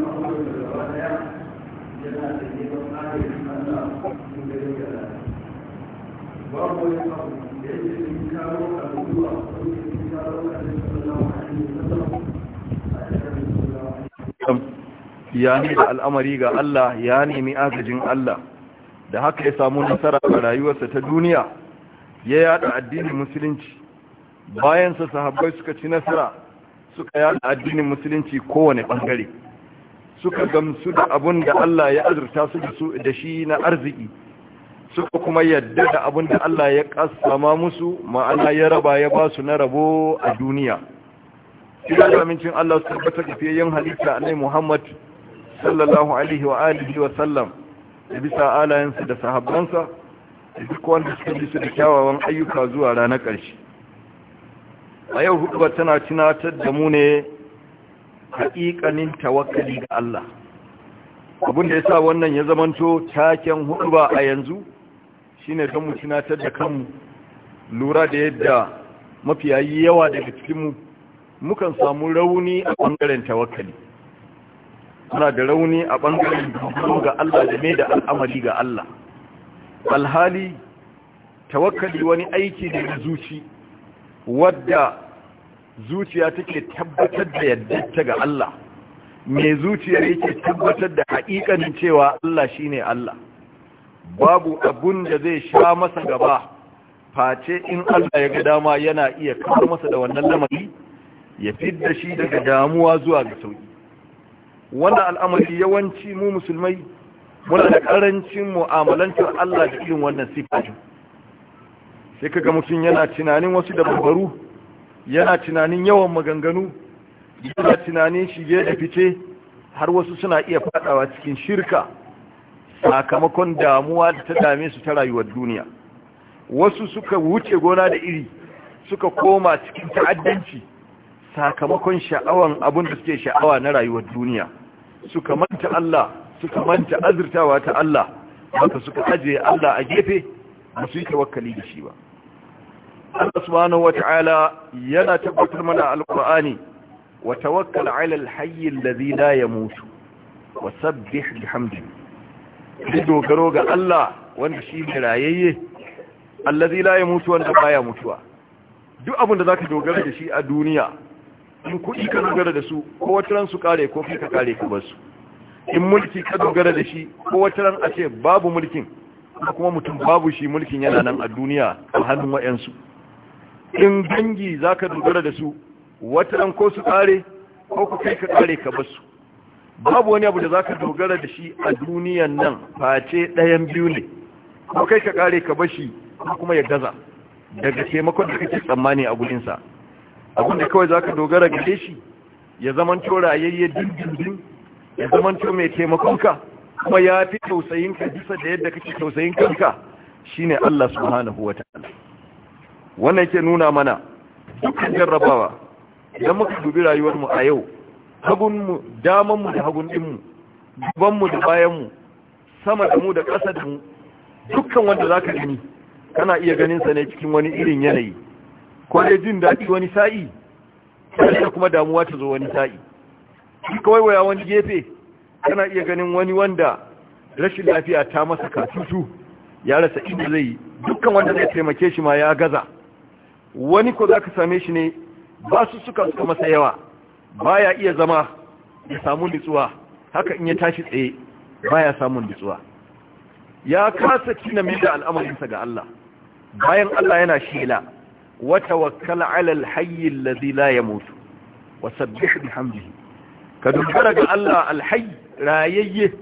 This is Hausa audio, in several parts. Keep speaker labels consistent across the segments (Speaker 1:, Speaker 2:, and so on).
Speaker 1: ya ne
Speaker 2: da ya da al'amari ga Allah ya nemi agajin Allah da haka ya samu nasara a rayuwarsa ta duniya ya yada addinin musulunci bayansa sahabbai suka ci nasara suka yada addinin musulunci kowane bangare suka gamsu da abun da Allah ya azurta su da shi na arziki suka kuma yadda da abun da Allah ya kasama musu ma'ana ya raba ya ba su na rabo a duniya ina da amincin Allah su tabbata ga fiye halitta annai Muhammad sallallahu alaihi wa alihi wa sallam da bisa alayensa da sahabbansa da duk wanda suka bi da kyawawan ayyuka zuwa ranar ƙarshe a yau hudu tana tunatar da mu ne haƙiƙanin tawakkali ga Allah abin da ya sa wannan ya zamanto taken hudu ba a yanzu shine don mu tunatar da kanmu lura da yadda mafiyayi yawa daga cikinmu mukan samu rauni a ɓangaren tawakali muna da rauni a ɓangaren dogaro ga Allah da mai da al'amari ga Allah alhali tawakkali wani aiki da zuci wadda zuciya take tabbatar da yaddarta ga Allah Me zuciyar yake tabbatar da haƙiƙanin cewa Allah shine Allah babu abun da zai sha masa gaba face in Allah ya ga dama yana iya kawo masa da wannan lamari ya fidda shi daga damuwa zuwa ga sauki wannan al'amari yawanci mu musulmai muna da karancin mu'amalantar Allah da irin wannan sifatin sai kaga mutum yana tunanin wasu dabaru yana tunanin yawan maganganu yana tunanin shige da fice har wasu suna iya fadawa cikin shirka sakamakon damuwa da ta dame su ta rayuwar duniya wasu suka wuce gona da iri suka koma cikin ta'addanci sakamakon sha'awan abin da suke sha'awa na rayuwar duniya suka manta Allah suka manta azurtawa ta Allah haka suka ajiye Allah a gefe ba su yi tawakkali da shi ba Allah subhanahu wata'ala yana tabbatar mana alqur'ani wa tawakkal 'ala al-hayy alladhi la yamut wa sabbih bihamdihi
Speaker 1: ki dogaro ga
Speaker 2: Allah wanda shi ne rayayye alladhi la mutu wanda ya mutuwa duk abin da ka dogara da shi a duniya in kuɗi ka dogara da su ko wata ran su kare ko kai ka kare ka bar in mulki ka dogara da shi ko wata ran a ce babu mulkin kuma mutum babu shi mulkin yana nan a duniya a hannun wa'yansu in dangi za ka dogara da su ɗan ko su kare ko ku kai ka kare ka basu babu wani abu da za ka dogara da shi a duniyan nan face ɗayan biyu ne ko kai ka kare ka bashi ko kuma ya gaza daga taimakon da kake tsammani a gudunsa abin da kawai za ka dogara gare shi ya zaman to rayayye dindindin ya zaman to mai taimakonka kuma ya fi tausayinka bisa da yadda kake tausayin kanka shine Allah subhanahu wataala wannan ke nuna mana
Speaker 1: dukkan jarrabawa idan muka
Speaker 2: dubi rayuwarmu a yau hagunmu damanmu da hagun ɗinmu da bayanmu sama da mu da ƙasa da mu dukkan wanda za ka gani kana iya ganinsa ne cikin wani irin yanayi ko dai jin daɗi wani sa'i da kuma damuwa ta zo wani sa'i kawai waya wani gefe kana iya ganin wani wanda rashin lafiya ta masa katutu ya rasa inda zai yi dukkan wanda zai taimake shi ma ya gaza wani ko za ka same shi ne ba su suka suka masa yawa ba ya iya zama ya samu nitsuwa haka in ya tashi tsaye ba ya samun nutsuwa ya kasa cina mai da al'amarinsa ga Allah bayan Allah yana shila wata wakala alal hayyin lazi la ya mutu wasabbih bihamdihi ka dogara ga Allah alhayy rayayye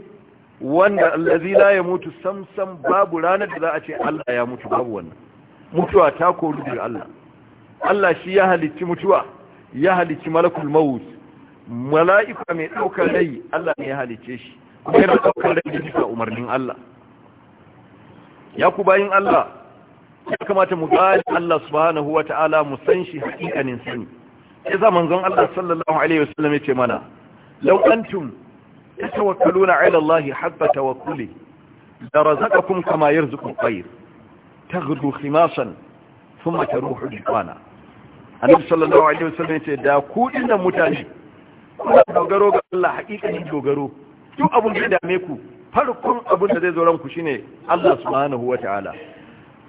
Speaker 2: wanda allazi la ya mutu samsam babu ranar da za a ce Allah ya mutu babu wannan mutuwa ta koru daga Allah Allah shi ya halicci mutuwa ya halicci malakul maut mala'ika mai daukar rai Allah ne ya halicce shi kuma yana daukar rai da bisa umarnin Allah ya ku bayin Allah ya kamata mu gane Allah subhanahu Ta'ala mu san shi hakikanin sani ya za manzon Allah sallallahu alaihi wasallam ya ce mana law antum tatawakkaluna ala Allah habba tawakkuli da razaqakum kama yarzuqu khair taghdu khimasan thumma taruhu jikwana annabi sallallahu alaihi wasallam yace da ku dinnan mutane kuna dogaro ga Allah hakikanin dogaro duk abun da dame ku farkon abun da zai zo ranku shine Allah subhanahu wataala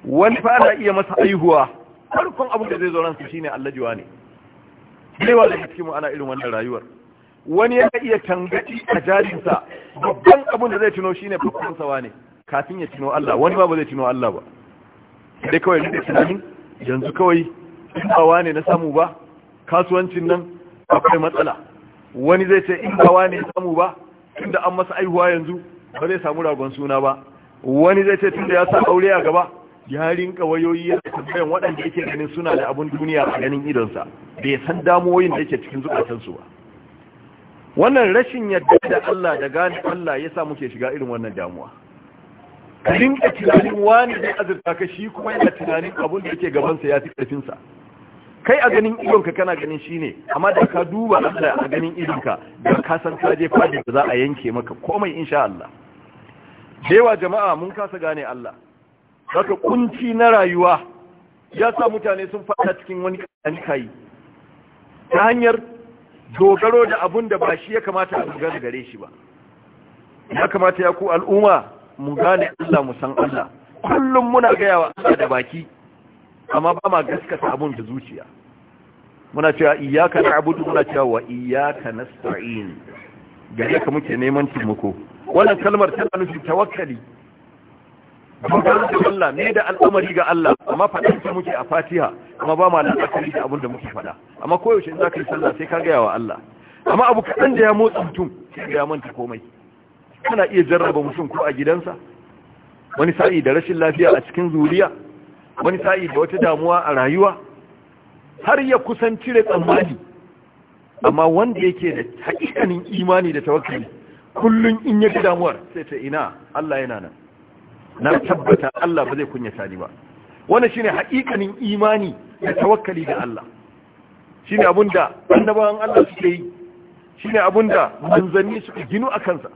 Speaker 2: wani fa ana iya masa aihuwa farkon abun da zai zo ranku shine Allah jiwa ne dai wanda cikin ana irin wannan rayuwar wani ya iya tangaci a jarinsa babban abun da zai tuno shine babban sawa ne kafin ya tuno Allah wani ba ba zai tuno Allah ba sai kawai da tunanin yanzu kawai ba ne na samu ba kasuwancin nan akwai matsala wani zai ce in ba ne samu ba tunda an masa aihuwa yanzu ba zai samu ragon suna ba wani zai ce tunda ya sa aure a gaba ya rinka wayoyi ya tambayan waɗanda yake ganin suna da abun duniya a ganin idonsa bai san damuwoyin da yake cikin zukatansu ba wannan rashin yadda da Allah da gane Allah ya sa muke shiga irin wannan damuwa ka rinka tunanin wani zai azurta ka shi kuma yana tunanin abin da yake gabansa ya fi ƙarfinsa kai a ganin idonka kana ganin shi ne amma da ka duba Allah a ganin idonka da ka san ka je fadi da za a yanke maka komai insha Allah dewa jama'a mun kasa gane Allah zaka kunci na rayuwa ya sa mutane sun fada cikin wani kai ta hanyar dogaro da abun da ba shi ya kamata a dogara gare shi ba ya kamata ya ku al'umma mu gane Allah mu san Allah kullum muna gaya wa Allah da baki amma ba ma gaskata abun da zuciya muna cewa iyyaka na'budu muna cewa wa iyyaka nasta'in gare ka muke neman taimako wannan kalmar tana nufin tawakkali dogaro Allah ne da al'amari ga Allah amma fadin da muke a Fatiha amma ba ma la'akari da abin da muke faɗa amma koyaushe in zaka yi sallah sai ka gaya wa Allah amma abu kadan da ya motsa mutum sai ya manta komai kana iya jarraba mutum ko a gidansa wani sa'i da rashin lafiya a cikin zuriya wani sa'i da wata damuwa a rayuwa har ya kusan cire tsammani amma wanda yake da haƙiƙanin imani da tawakkali kullun in ya ji damuwar sai ta ina Allah yana nan na tabbata Allah ba zai kunyata ni ba wannan shine haƙiƙanin imani da tawakkali da Allah shine abunda annabawan Allah suke yi shine abunda manzanni suka ginu akansa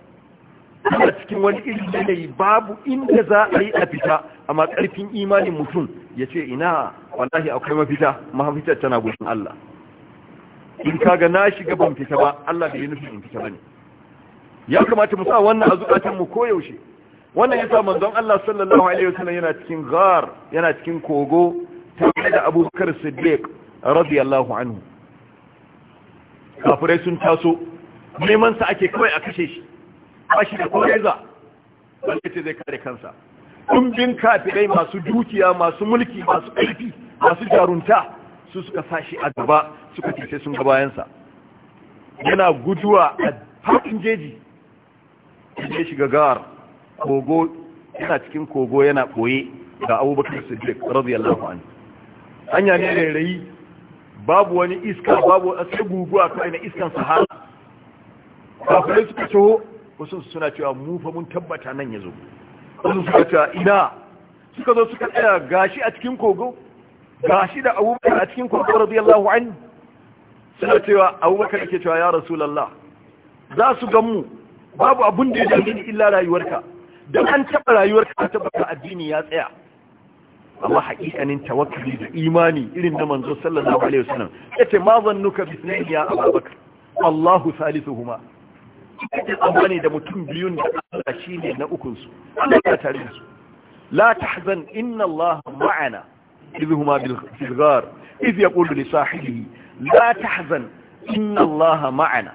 Speaker 2: kuma cikin wani irin yanayi babu inda za a yi a fita amma karfin imanin mutum ya ce ina wallahi akwai mafita mafitar tana gushin Allah in kaga na shiga ban fita ba Allah bai nufi in fita bane ya kamata mu sa wannan a zukatan mu koyaushe wannan yasa manzon Allah sallallahu alaihi wasallam yana cikin ghar yana cikin kogo tare da Bakar Siddiq radiyallahu anhu kafirai sun taso neman sa ake kawai a kashe shi bashi da kore za wanda ce zai kare kansa ɗumbin kafirai masu dukiya masu mulki masu ƙarfi masu jarunta su suka sashi a gaba suka cece sun ga bayansa yana guduwa a fatin jeji ya shiga gawar kogo yana cikin kogo yana ɓoye ga abubakar siddiq radiyallahu anhu hanya ne rairayi babu wani iska babu a guguwa kawai na iskan sahara
Speaker 1: kafirai suka
Speaker 2: taho wasu suna cewa mu fa mun tabbata nan ya zo. wasu suna cewa ina suka zo suka tsaya gashi a cikin kogo gashi da abubakar a cikin kogo radiyallahu anhu suna cewa abubakar ke cewa ya rasulullah za su gan mu babu abun da ya dame illa rayuwarka dan an taɓa rayuwarka an taba addini ya tsaya amma haƙiƙanin tawakkali da imani irin na manzo sallallahu alaihi wasallam yace ma zannuka bi sunan ya abubakar Allahu salisuhuma an tsammani da mutum biyun da Allah shine na ukun su Allah ya tare da su la tahzan inna Allah ma'ana idhuma bil ghar idh yaqulu li sahibihi la tahzan inna Allah ma'ana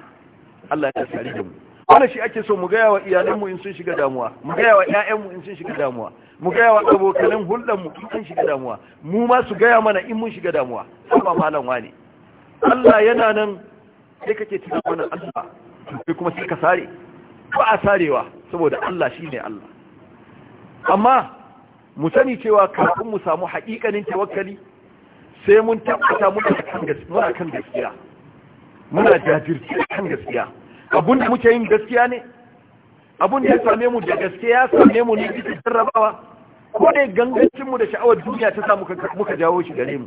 Speaker 2: Allah ya tare da mu wannan shi ake so mu gaya wa mu in sun shiga damuwa mu gaya wa mu in sun shiga damuwa mu gaya wa abokanan hulɗanmu in sun shiga damuwa mu ma su gaya mana in mun shiga damuwa ba malam wani Allah yana nan sai kake mana Allah sai kuma sai ka sare ba a sarewa saboda Allah shi ne Allah amma mu sani cewa kafin mu samu haƙiƙanin tawakkali sai mun tabbata muna kan gaskiya
Speaker 1: muna jajirce
Speaker 2: kan gaskiya abinda muke yin gaskiya ne abinda ya same mu da gaskiya same mu ne cikin jarrabawa ko dai gangancinmu da sha'awar duniya ta sa muka jawo shi gare mu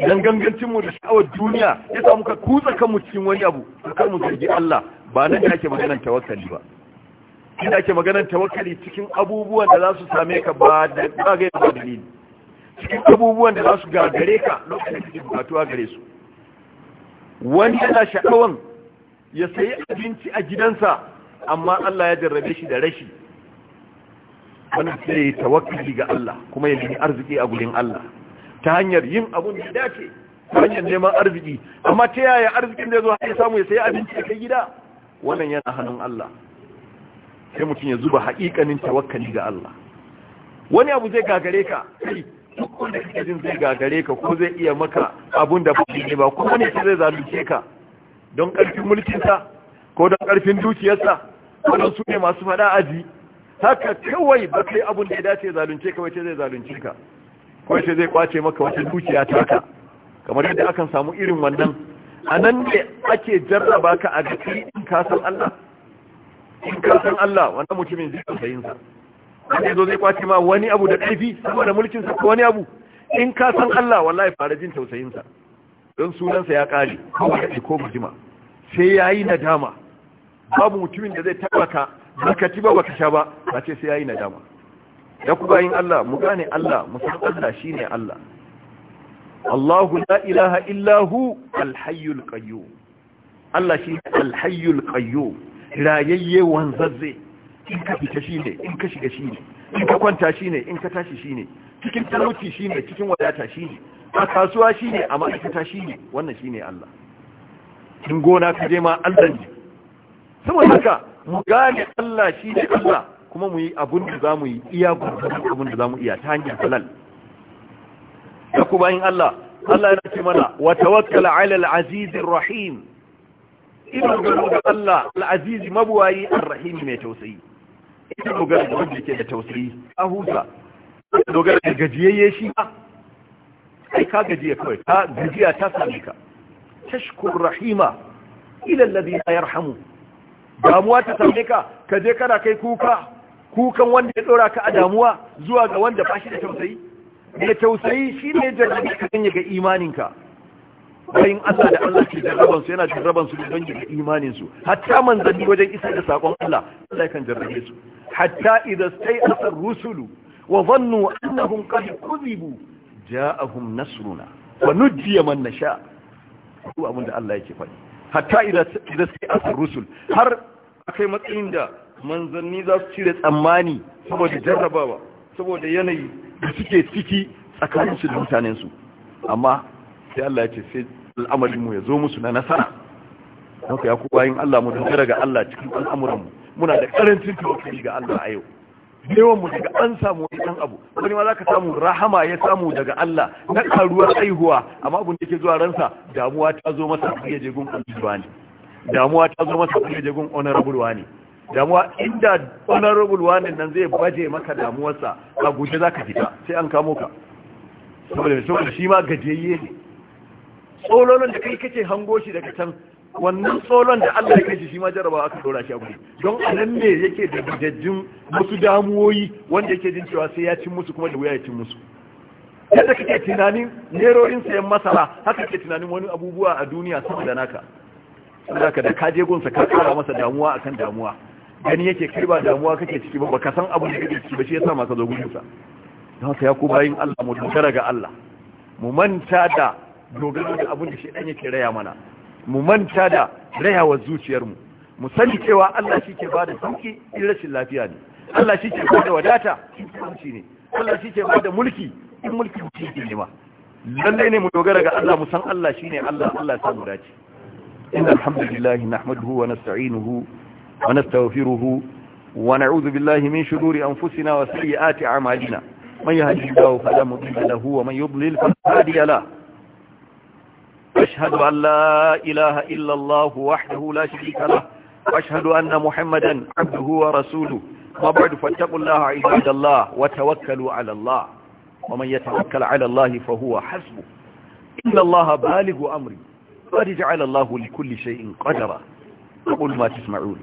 Speaker 2: Dan gangancin mu da sha'awar duniya ya sa muka kutsa kanmu cikin wani abu kar mu zargi Allah ba nan ake maganar tawakkali ba inda ake maganar tawakkali cikin abubuwan da za su same ka ba da zagaye ba dalili cikin abubuwan da za su gagare ka lokacin da kake batuwa gare su wani yana sha'awan ya sayi abinci a gidansa amma Allah ya jarrabe shi da rashi wannan sai tawakkali ga Allah kuma ya nemi arziki a gurin Allah ta hanyar yin abun da dace ta hanyar neman arziki amma ta yaya arzikin da zo ya samu ya sayi abinci kai gida wannan yana hannun Allah sai mutum ya zuba haƙiƙanin tawakkali ga Allah wani abu zai gagare ka kai duk wanda kake jin zai gagare ka ko zai iya maka abun da ba ne ba ko wani zai zalunce ka don ƙarfin mulkinsa ko don ƙarfin dukiyarsa wannan su ne masu faɗa aji haka kawai ba kai abun da ya dace zalunce ka wace zai zalunce ka ko shi zai kwace maka wata dukiya taka kamar yadda akan samu irin wannan a nan ne ake jarraba ka a gaske in ka san Allah in ka san Allah wannan mutumin zai tausayin sa
Speaker 1: wanda zo zai kwace ma wani abu da ƙarfi saboda
Speaker 2: mulkin sa ko wani abu in ka san Allah wallahi fara jin tausayin sa don sunansa ya kare ko ba ko bujima sai yayi nadama babu mutumin da zai tabbata baka ci ba baka sha ba ba ce sai yayi nadama ya ku bayin Allah mu gane Allah mu san Allah shine Allah Allahu la ilaha illa hu al-hayyul qayyum Allah shi al-hayyul qayyum rayayye wanzazze in ka fita shine in ka shiga shine in ka kwanta shine in ka tashi shine cikin talauci shine cikin wadata shine a kasuwa shine a ma'aikata shine wannan shine Allah in gona ka je ma Allah ne saboda haka mu gane Allah shine Allah kuma mu yi abin da za mu yi iya gurgurin da za mu iya ta hanyar halal ya ku bayin Allah Allah yana ce mana wa tawakkala ala al-aziz rahim
Speaker 1: idan ga
Speaker 2: Allah al-aziz mabuwayi ar-rahim mai tausayi ita dogara da wanda yake da tausayi a huta dogara da gajiyayye shi ai ka gajiya kawai ta gajiya ta sami ka tashkur rahima ila alladhi la yarhamu damuwa ta sami ka ka je kana kai kuka kukan wanda ya tsora ka a damuwa zuwa ga wanda ba da tausayi da tausayi shi ne jarabi ka ganye ga imaninka bayin Allah da Allah ke jarraban su yana jarraban su don ga imanin su hatta manzanni wajen isar da sakon Allah Allah kan jarrabe su hatta idza stai'asa rusulu wa dhannu annahum qad kuzibu ja'ahum nasruna wa nujiya man nasha abin da Allah yake faɗi hatta idza stai'asa rusul har akai matsayin da manzanni za su cire tsammani saboda jarrabawa saboda yanayi da suke ciki tsakaninsu da mutanensu amma sai Allah ya ce sai al'amarinmu ya zo musu na nasara haka ya kuwa yin Allah mu dogara ga Allah cikin mu muna da karancin tawakkali ga Allah a yau yawan mu daga an samu wani dan abu wani ma za ka samu rahama ya samu daga Allah na karuwar aihuwa amma abin da yake zuwa ransa damuwa ta zo masa ya je gun ne damuwa ta zo masa ya je gun honorable ne damuwa inda honorable ne nan zai baje maka damuwarsa a guje za ka fita sai an kamo ka saboda saboda shi ma gajiyayye ne tsololon da kai kake hango shi daga can wannan tsolon da Allah ya kai shi ma jaraba aka dora shi a guri don a nan ne yake da gajajjin musu damuwoyi wanda yake jin cewa sai ya cin musu kuma da wuya ya cin musu yadda kake tunanin nerorin sayan masara haka kake tunanin wani abubuwa a duniya saboda naka saboda ka da kaje gonsa ka kara masa damuwa akan damuwa gani yake kai ba damuwa kake ciki ba ka san abin da kake ciki ba shi yasa masa zo gudunsa don haka ya kuma yin Allah mu dogara ga Allah mu manta da dogaro da abin da shedan yake raya mana mu manta da rayawa zuciyar mu mu sani cewa Allah shi ke bada sauki in rashin lafiya ne Allah shi ke da wadata in kunci ne Allah shi ke da mulki in mulki shi ke nema lalle ne mu dogara ga Allah mu san Allah shine Allah Allah ya samu dace inna alhamdulillah nahmaduhu wa nasta'inuhu ونستغفره ونعوذ بالله من شرور أنفسنا وسيئات أعمالنا من يهد الله فلا مضل له ومن يضلل فلا هادي له أشهد أن لا إله إلا الله وحده لا شريك له وأشهد أن محمدا عبده ورسوله وبعد فاتقوا الله عباد الله وتوكلوا على الله ومن يتوكل على الله فهو حسبه إن الله بالغ أمري قد جعل الله لكل شيء قدرا قل ما تسمعون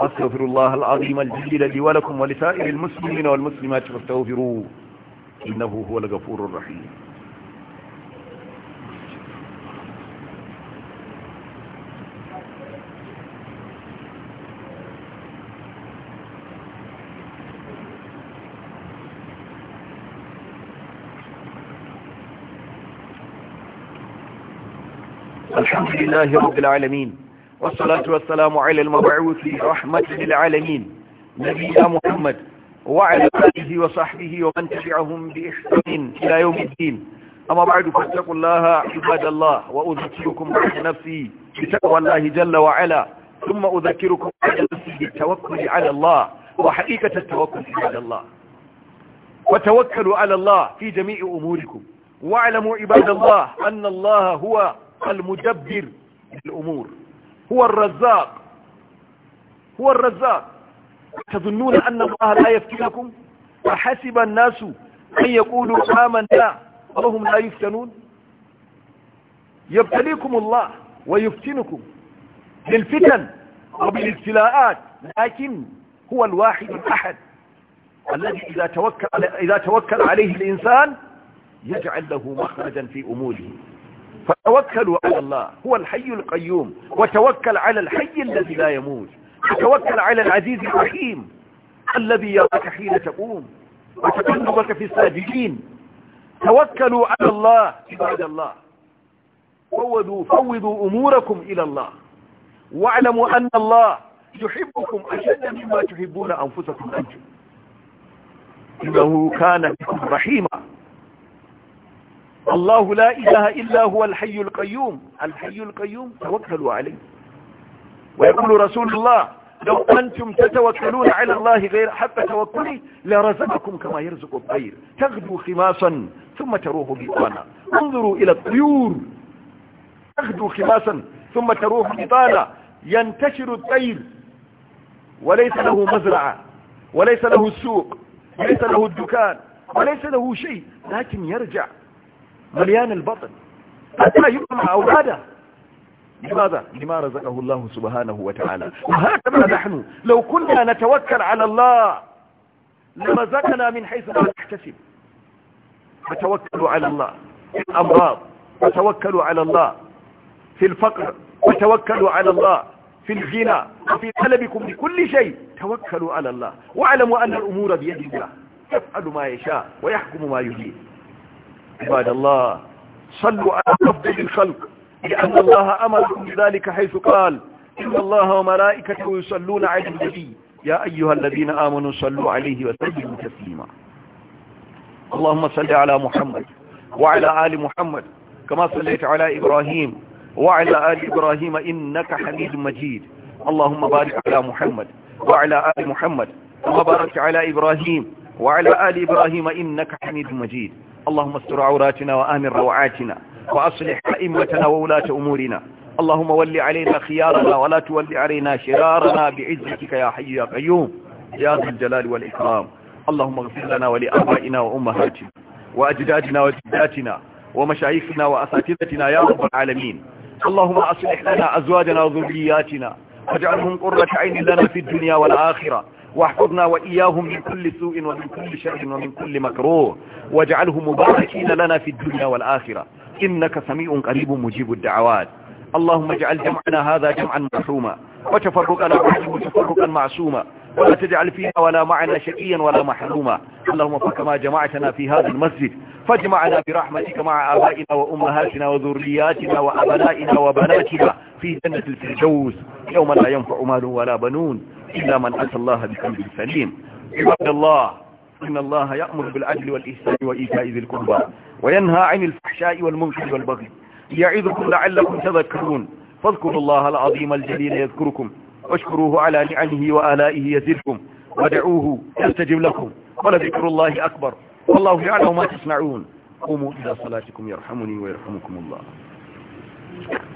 Speaker 2: واستغفر الله العظيم الجليل لي ولكم ولسائر المسلمين والمسلمات فاستغفروه إنه هو الغفور
Speaker 1: الرحيم الحمد لله
Speaker 2: رب العالمين والصلاة والسلام على المبعوث رحمة للعالمين نبينا محمد وعلى آله وصحبه ومن تبعهم بإحسان إلى يوم الدين أما بعد فاتقوا الله عباد الله وأذكركم بعد نفسي بتقوى الله جل وعلا ثم أذكركم بعد نفسي بالتوكل على الله وحقيقة التوكل على الله وتوكلوا على الله في جميع أموركم واعلموا عباد الله أن الله هو المدبر للأمور هو الرزاق هو الرزاق تظنون أن الله لا يفتنكم وحسب الناس أن يقولوا آمنا وهم لا يفتنون يبتليكم الله ويفتنكم بالفتن وبالابتلاءات لكن هو الواحد الأحد الذي إذا توكل, إذا توكل عليه الإنسان يجعل له مخرجا في أموره فتوكلوا على الله هو الحي القيوم وتوكل على الحي الذي لا يموت وتوكل على العزيز الرحيم الذي يراك حين تقوم وتقلبك في الساجدين توكلوا على الله عباد الله فوضوا, فوضوا أموركم إلى الله واعلموا أن الله يحبكم أشد مما تحبون أنفسكم أنتم إنه كان بكم رحيما الله لا إله إلا هو الحي القيوم الحي القيوم توكلوا عليه ويقول رسول الله لو أنتم تتوكلون على الله غير حتى توكلي لرزقكم كما يرزق الطير تغدو خماصا ثم تروح بطانا انظروا إلى الطيور تغدو خماصا ثم تروح بطانا ينتشر الطير وليس له مزرعة وليس له السوق وليس له الدكان وليس له شيء لكن يرجع مليان البطن حتى يجمع أولاده لماذا؟ لما رزقه الله سبحانه وتعالى وهكذا نحن لو كنا نتوكل على الله لرزقنا من حيث لا نحتسب فتوكلوا على الله في الأمراض فتوكلوا على الله في الفقر وتوكلوا على الله في الغنى وفي طلبكم لكل شيء توكلوا على الله واعلموا أن الأمور بيد الله يفعل ما يشاء ويحكم ما يريد عباد الله صلوا على أفضل الخلق لأن الله أمركم بذلك حيث قال إن الله وملائكته يصلون على النبي يا أيها الذين آمنوا صلوا عليه وسلموا تسليما اللهم صل على محمد وعلى آل محمد كما صليت على إبراهيم وعلى آل إبراهيم إنك حميد مجيد اللهم بارك على محمد وعلى آل محمد كما باركت على إبراهيم وعلى آل إبراهيم إنك حميد مجيد اللهم استر عوراتنا وآمن روعاتنا وأصلح أئمتنا وولاة أمورنا اللهم ول علينا خيارنا ولا تول علينا شرارنا بعزتك يا حي يا قيوم يا ذا الجلال والإكرام اللهم اغفر لنا ولآبائنا وأمهاتنا وأجدادنا وجداتنا ومشايخنا وأساتذتنا يا رب العالمين اللهم أصلح لنا أزواجنا وذرياتنا واجعلهم قرة عين لنا في الدنيا والآخرة واحفظنا وإياهم من كل سوء ومن كل شر ومن كل مكروه واجعله مباركين لنا في الدنيا والآخرة إنك سميع قريب مجيب الدعوات اللهم اجعل جمعنا هذا جمعا مرحوما وتفرقنا بعده تفرقا معصوما ولا تجعل فينا ولا معنا شقيا ولا محروما اللهم فكما جمعتنا في هذا المسجد فاجمعنا برحمتك مع آبائنا وأمهاتنا وذرياتنا وأبنائنا وبناتنا في جنة الفردوس يوم لا ينفع مال ولا بنون إلا من أتى الله بقلب سليم عباد الله إن الله يأمر بالعدل والإحسان وإيتاء ذي القربى وينهى عن الفحشاء والمنكر والبغي يعظكم لعلكم تذكرون فاذكروا الله العظيم الجليل يذكركم واشكروه على نعمه وآلائه يزدكم ودعوه يستجب لكم ولذكر الله أكبر والله يعلم ما تصنعون
Speaker 1: قوموا إلى صلاتكم يرحمني ويرحمكم الله